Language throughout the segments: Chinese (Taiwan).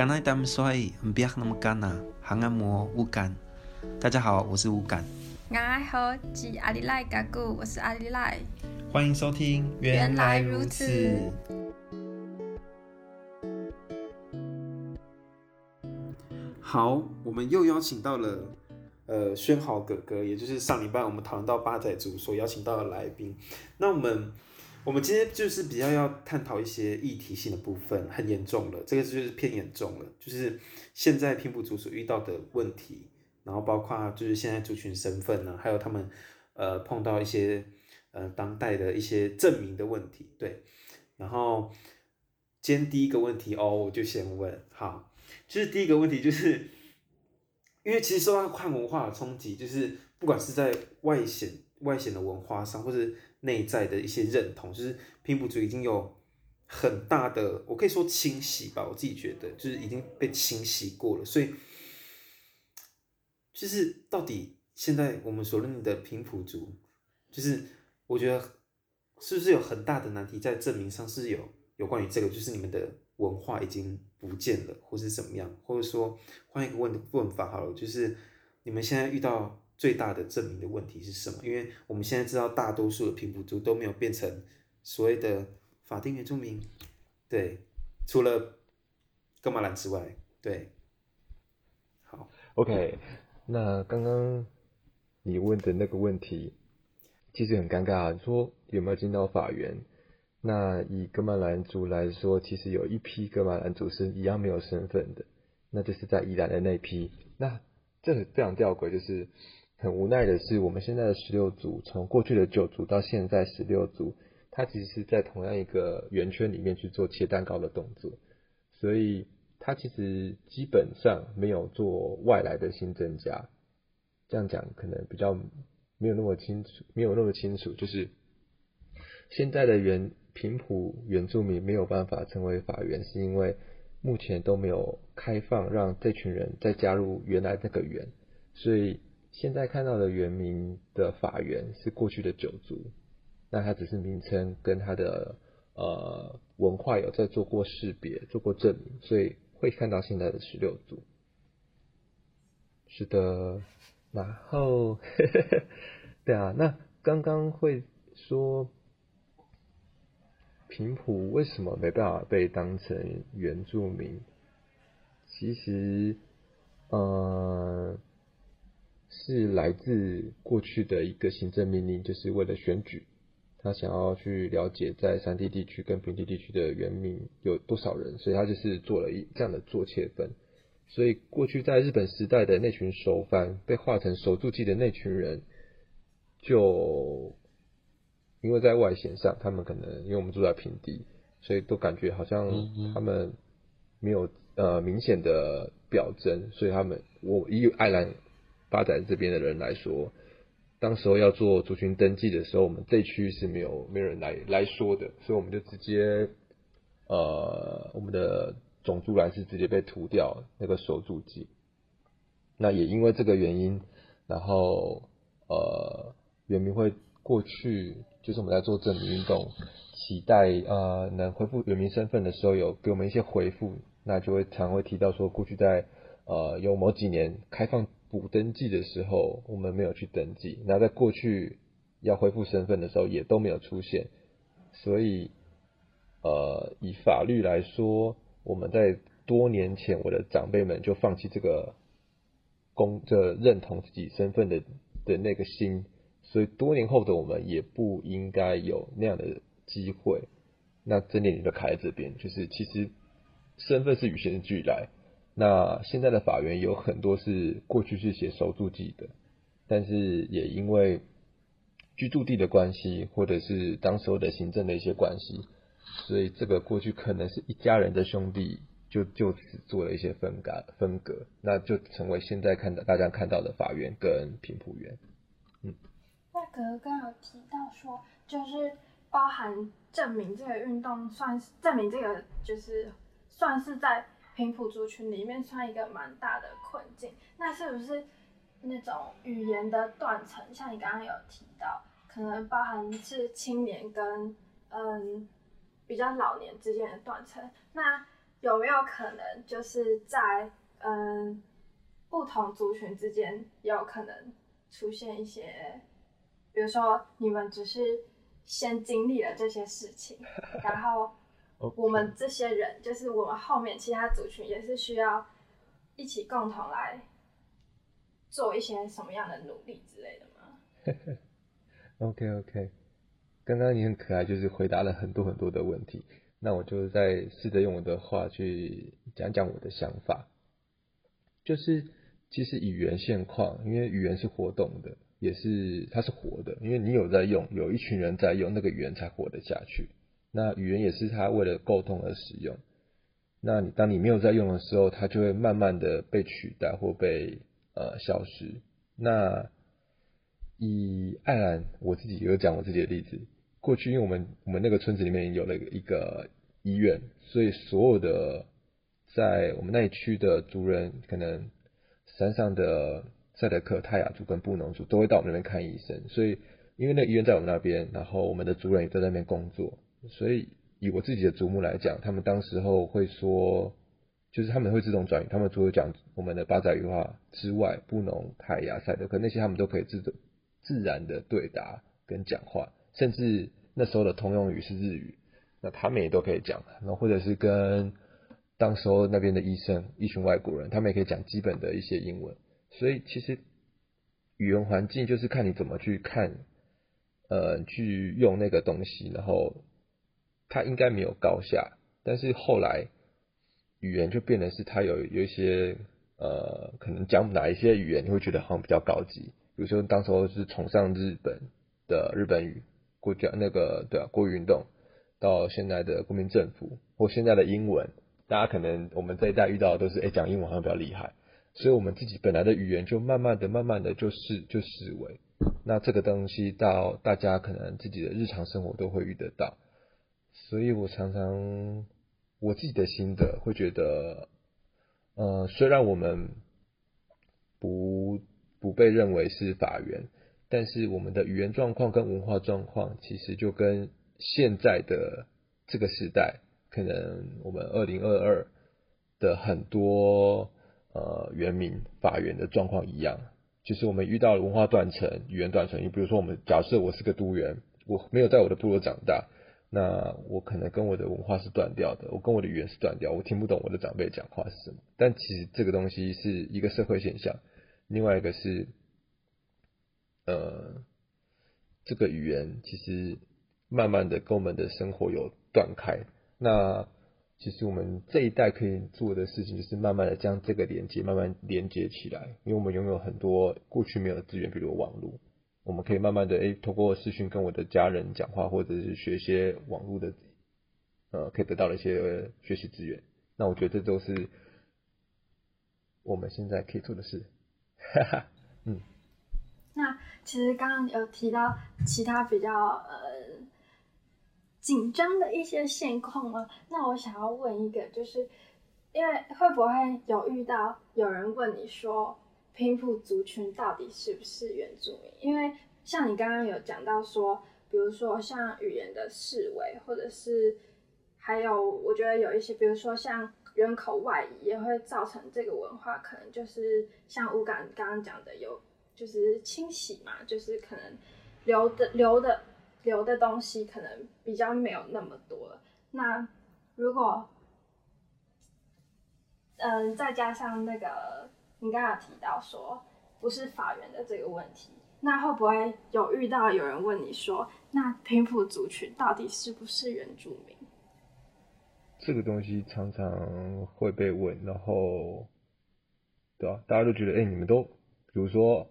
剛來他們說，不要那麼乾吶，還按摩吳干。大家好，我是吳干。我好是阿里賴加古，我是阿里賴。歡迎收聽原，原來如此。好，我們又邀請到了呃，軒豪哥哥，也就是上禮拜我們討論到巴宰族所邀請到的來賓。那我們。我們今天就是比較要探討一些議題性的部分，很嚴重的這個就是偏嚴重了，就是現在平埔族所遇到的問題，然後包括就是現在族群身份呢，還有他們呃碰到，一些呃當代的一些證明的問題，對。然後今天第一個問題哦，我就先問，好，就是第一個問題就是，因為其實受到漢文化的衝擊，就是不管是在外顯外顯的文化上，或是。內在的一些認同，就是平埔族已經有很大的，我可以說清洗吧，我自己覺得就是已經被清洗過了。所以，就是到底現在我們所認的平埔族，就是我覺得是不是有很大的難題在證明上，是有有關於這個，就是你們的文化已經不見了，或是怎麼樣？或者說換一個問問法好了，就是你們現在遇到？最大的正名的問題是什麼？因為我們現在知道，大多數的平埔族都沒有變成所謂的法定原住民，對，除了噶瑪蘭之外，對，好，OK，那剛剛你問的那個問題，其實很尷尬，說有沒有進到法原？那以噶瑪蘭族來說，其實有一批噶瑪蘭族是一樣沒有身份的，那就是在宜蘭的那批。那這這樣吊詭，就是。很無奈的是，我們現在的十六族從過去的九族到現在十六族，它其實是在同樣一個圓圈裡面去做切蛋糕的動作，所以它其實基本上沒有做外來的新增加。這樣講可能比較沒有那麼清楚，沒有那麼清楚，就是現在的原平埔原住民沒有辦法成為法原，是因為目前都沒有開放讓這群人再加入原來那個圓，所以。現在看到的原民的法源是過去的九族，那它只是名稱跟它的呃文化有在做過識別、做過證明，所以會看到現在的十六族。是的，然後， 對啊，那剛剛會說平埔為什麼沒辦法被當成原住民？其實，呃。是來自過去的一個行政命令，就是為了選舉，他想要去了解在山地地區跟平地地區的原民有多少人，所以他就是做了一這樣的做切分。所以過去在日本時代的那群熟番，被劃成守住地的那群人，就因為在外顯上，他們可能因為我們住在平地，所以都感覺好像他們沒有呃明顯的表徵，所以他們我以愛蘭發展這邊的人來說，當時候要做族群登記的時候，我們這區是沒有沒有人來來說的，所以我們就直接，呃，我們的種族欄是直接被塗掉那個手住記。那也因為這個原因，然後呃，原民會過去，就是我們在做正名運動，期待啊、呃、能恢復原民身份的時候，有給我們一些回復，那就會常會提到說，過去在呃有某幾年開放。補登記的時候，我們沒有去登記。那在過去要恢復身份的時候，也都沒有出現。所以，呃，以法律來說，我們在多年前，我的長輩們就放棄這個公這認同自己身份的的那個心，所以多年後的我們也不應該有那樣的機會。那這年你就卡在這邊，就是其實身份是與生俱來。那現在的法原有很多是過去是寫熟註記的，但是也因為居住地的關係，或者是當時的行政的一些關係，所以這個過去可能是一家人的兄弟就就此做了一些分隔，分隔，那就成為現在看到大家看到的法原跟平埔原。嗯，那哥哥有提到說，就是包含證明這個運動算，算是證明這個就是算是在。平埔族群裡面，穿一個蠻大的困境，那是不是那種語言的斷層？像你剛剛有提到，可能包含是青年跟嗯比較老年之間的斷層。那有沒有可能就是在嗯不同族群之間，有可能出現一些，比如說你們只是先經歷了這些事情，然後。Okay. 我們這些人，就是我們後面其他族群也是需要一起共同來做一些什麼樣的努力之類的嗎 ？OK OK，剛剛你很可愛，就是回答了很多很多的問題。那我就再試着用我的話去講講我的想法，就是其實語言現況，因為語言是活動的，也是，它是活的，因為你有在用，有一群人在用，那個語言才活得下去。那語言也是他為了溝通而使用。那你當你沒有在用的時候，它就會慢慢的被取代或被呃消失。那以愛蘭，我自己有講我自己的例子。過去因為我們我們那個村子裡面有了一個醫院，所以所有的在我們那一區的族人，可能山上的賽德克泰雅族跟布農族都會到我們那邊看醫生。所以因為那個醫院在我們那邊，然後我們的族人也在那邊工作。所以，以我自己的祖母來講，他們當時候會說，就是他們會自動轉語。他們除了講我們的巴宰語話之外，布農、泰雅、賽德，可那些他們都可以自動、自然的對答跟講話。甚至那時候的通用語是日語，那他們也都可以講。然後或者是跟當時候那邊的醫生，一群外國人，他們也可以講基本的一些英文。所以其實語言環境就是看你怎麼去看，呃，去用那個東西，然後。它應該沒有高下，但是後來語言就變得是它有有一些呃，可能講哪一些語言你會覺得好像比較高級。比如說，當時候是崇尚日本的日本語，國家那個對啊，國語運動到現在的國民政府或現在的英文，大家可能我們這一代遇到的都是哎，講、欸、英文好像比較厲害，所以我們自己本來的語言就慢慢的、慢慢的就是就式微，那這個東西到大家可能自己的日常生活都會遇得到。所以我常常我自己的心得會覺得，呃，雖然我們不不被認為是法原，但是我們的語言狀況跟文化狀況，其實就跟現在的這個時代，可能我們二零二二的很多呃原民法原的狀況一樣，就是我們遇到了文化斷層、語言斷層。你比如說，我們假設我是個都原，我沒有在我的部落長大。那我可能跟我的文化是斷掉的，我跟我的語言是斷掉，我聽不懂我的長輩講話是什麼，但其實這個東西是一個社會現象，另外一個是，呃，這個語言其實慢慢的跟我們的生活有斷開。那其實我們這一代可以做的事情，就是慢慢的將這個連接，慢慢連接起來，因為我們擁有很多過去沒有資源，比如網絡。我們可以慢慢的誒，透過視訊跟我的家人講話，或者是學一些網絡的，呃，可以得到一些學習資源。那我覺得這都是我們現在可以做的事。哈哈，嗯。那其實剛剛有提到其他比較呃緊張的一些現況嗎？那我想要問一個，就是因為會不會有遇到有人問你說，平埔族群到底是不是原住民？因為像你剛剛有講到說，比如說像語言的式微，或者是還有我覺得有一些，比如說像人口外移，也會造成這個文化可能就是像 Ukan 剛剛講的有就是清洗嘛，就是可能留的留的留的東西可能比較沒有那麼多。那如果嗯、呃、再加上那個你剛剛有提到說不是法原的這個問題。那會不會有遇到有人問你說，那平埔族群到底是不是原住民？這個東西常常會被問，然後，對吧、啊？大家都覺得，哎，你們都，比如說，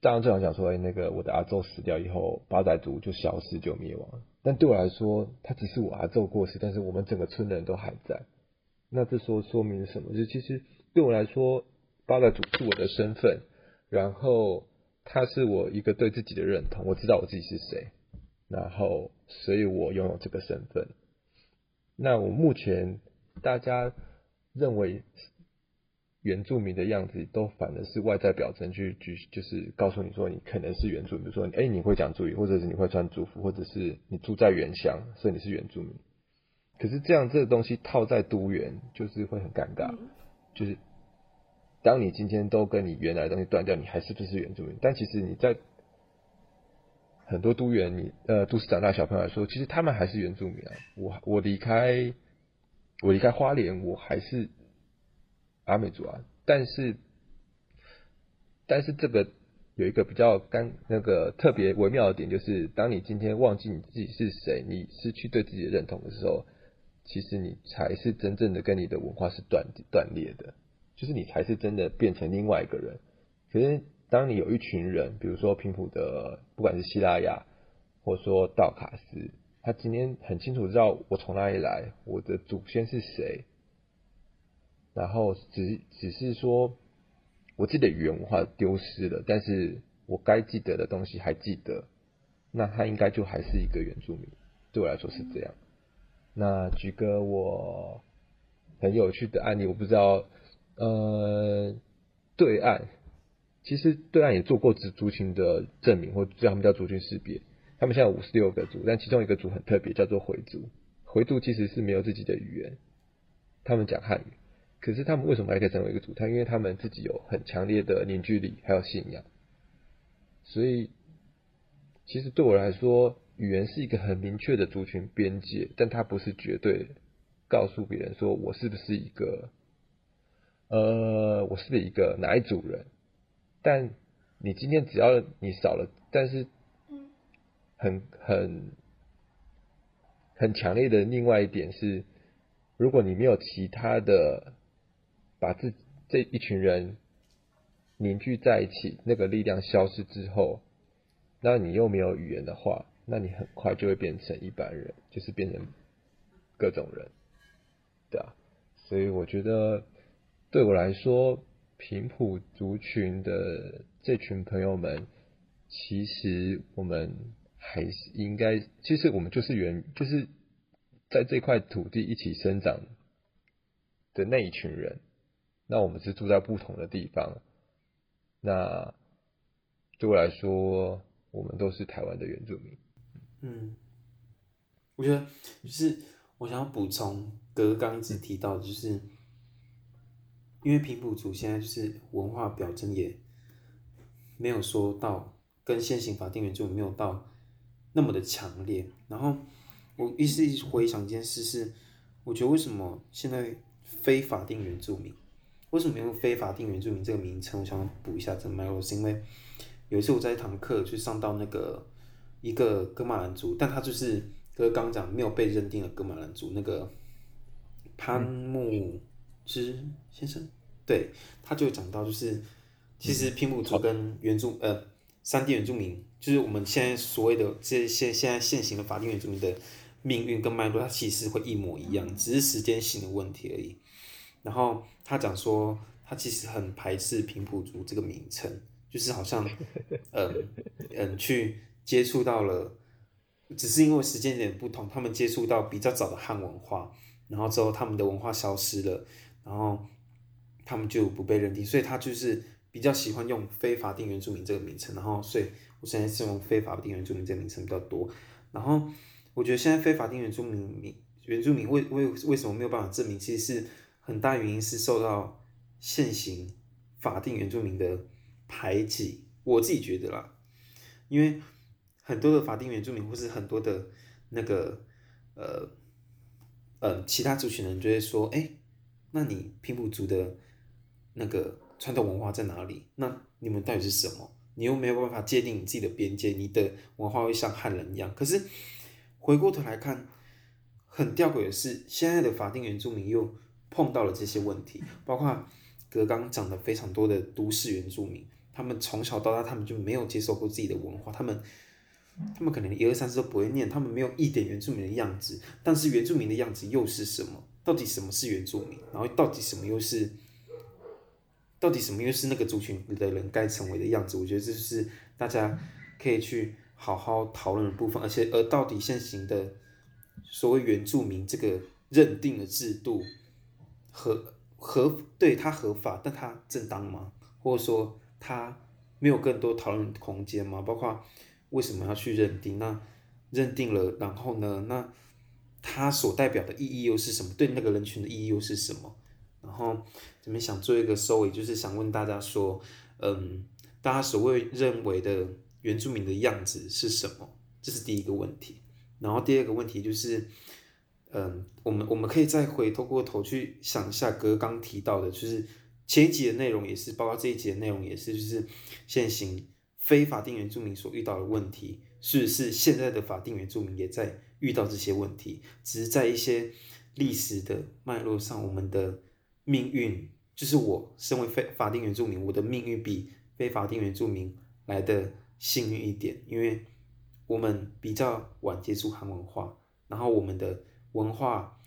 當然正常講說，哎，那個我的阿晝死掉以後，八仔族就消失就滅亡但對我來說，他只是我阿晝過世，但是我們整個村的人都還在。那這說說明什麼？就是、其實對我來說，八仔族是我的身份，然後。他是我一個對自己的認同，我知道我自己是誰，然後所以我擁有這個身份。那我目前大家認為原住民的樣子，都反而是外在表徵去去，就是告訴你說你可能是原住民，比如說哎你、欸、你會講族語，或者是你會穿族服，或者是你住在原鄉，所以你是原住民。可是這樣這個東西套在都原，就是會很尷尬，就是。當你今天都跟你原來的東西斷掉，你還是不是原住民？但其實你在很多都原你呃都市長大小朋友來說，其實他們還是原住民啊。我我離開我離開花蓮，我還是阿美族啊。但是但是這個有一個比較干那個特別微妙的點，就是當你今天忘記你自己是誰，你失去對自己的認同的時候，其實你才是真正的跟你的文化是斷斷裂的。就是你才是真的變成另外一個人。可是，當你有一群人，比如說平埔的，不管是西拉雅，或說道卡斯，他今天很清楚知道我從哪裡來，我的祖先是誰。然後只只是說，我自己的語言文化丟失了，但是我該記得的東西還記得，那他應該就還是一個原住民。對我來說是這樣。那舉個我很有趣的案例，我不知道。呃、嗯，對岸其實對岸也做過族族群的證明，或叫他們叫族群識別。他們現在五十六個族，但其中一個族很特別，叫做回族。回族其實是沒有自己的語言，他們講漢語。可是他們為什麼還可以成為一個族？他因為他們自己有很強烈的凝聚力，還有信仰。所以其實對我來說，語言是一個很明確的族群邊界，但它不是絕對告訴別人說我是不是一個？呃，我是一個哪一組人？但你今天只要你少了，但是很，很很很強烈的另外一點是，如果你沒有其他的，把自這，這一群人凝聚在一起，那個力量消失之後，那你又沒有語言的話，那你很快就會變成一般人，就是變成各種人，對啊，所以我覺得。對我來說，平埔族群的這群朋友們，其實我們還是應該，其實我們就是原，就是在這塊土地一起生長的那一群人。那我們是住在不同的地方，那對我來說，我們都是台灣的原住民。嗯，我覺得就是我想要補充，哥剛剛子提到的就是。嗯因為平埔族現在就是文化表徵也，沒有說到跟現行法定原住民沒有到那麼的強烈。然後我一時一回想一件事是，我覺得為什麼現在非法定原住民？為什麼有非法定原住民這個名稱？我想補一下這脈絡，是因為有一次我在一堂課就上到那個一個哥馬蘭族，但他就是哥剛講沒有被認定的哥馬蘭族，那個潘木之先生。對，他就講到，就是其實平埔族跟原住、嗯、呃，山地原住民，就是我們現在所謂的這現現在現行的法定原住民的命運跟脈絡，它其實會一模一樣，只是時間性的問題而已。然後他講說，他其實很排斥平埔族這個名稱，就是好像，嗯、呃、嗯、呃，去接觸到了，只是因為時間點不同，他們接觸到比較早的漢文化，然後之後他們的文化消失了，然後。他們就不被認定，所以他就是比較喜歡用非法定原住民這個名稱，然後，所以我現在是用非法定原住民這個名稱比較多。然後，我覺得現在非法定原住民原住民為為為什麼沒有辦法證明，其實是很大原因是受到現行法定原住民的排擠。我自己覺得啦，因為很多的法定原住民或是很多的那個呃呃其他族群的人就會說，哎、欸，那你平埔族的。那個傳統文化在哪裡？那你們到底是什麼？你又沒有辦法界定你自己的邊界，你的文化會像漢人一樣。可是回過頭來看，很吊詭的是，現在的法定原住民又碰到了這些問題，包括哥剛講的非常多的都市原住民，他們從小到大他們就沒有接受過自己的文化，他們他們可能一二三四都不會念，他們沒有一點原住民的樣子。但是原住民的樣子又是什麼？到底什麼是原住民？然後到底什麼又是？到底什麼又是那個族群的人該成為的樣子？我覺得這是大家可以去好好討論的部分。而且，而到底現行的所謂原住民這個認定的制度，合合，對他合法，但他正當嗎？或者說他沒有更多討論空間嗎？包括為什麼要去認定？那認定了，然後呢？那他所代表的意義又是什麼？對那個人群的意義又是什麼？然後你們想做一個收尾，就是想問大家說，嗯，大家所謂認為的原住民的樣子是什麼？這是第一個問題。然後第二個問題就是，嗯，我們我們可以再回透過頭去想一下，哥剛提到的，就是前一集的內容也是，包括這一集的內容也是，就是現行非法定原住民所遇到的問題，是是現在的法定原住民也在遇到這些問題？只是在一些歷史的脈絡上，我們的。命運就是我身為法定原住民，我的命運比非法定原住民來得幸運一點，因為我們比較晚接觸漢文化，然後我們的文化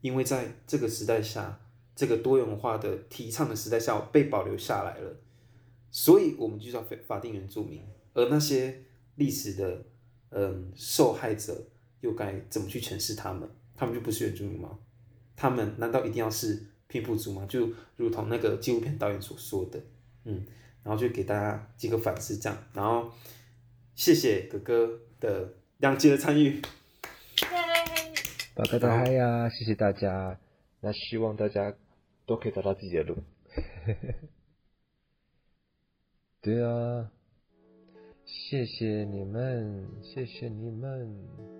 因為在這個時代下，這個多元化的提倡的時代下被保留下來了，所以我們就叫法定原住民。而那些歷史的嗯受害者又該怎麼去詮釋他們？他們就不是原住民嗎？他們難道一定要是？拼不足嘛，就如同那個紀錄片導演所說的，嗯，然後就給大家幾個反思，這樣，然後謝謝哥哥的兩季的參與，拜拜大嗨呀，謝謝大家，那希望大家都可以找到自己的路， 對啊，謝謝你們，謝謝你們。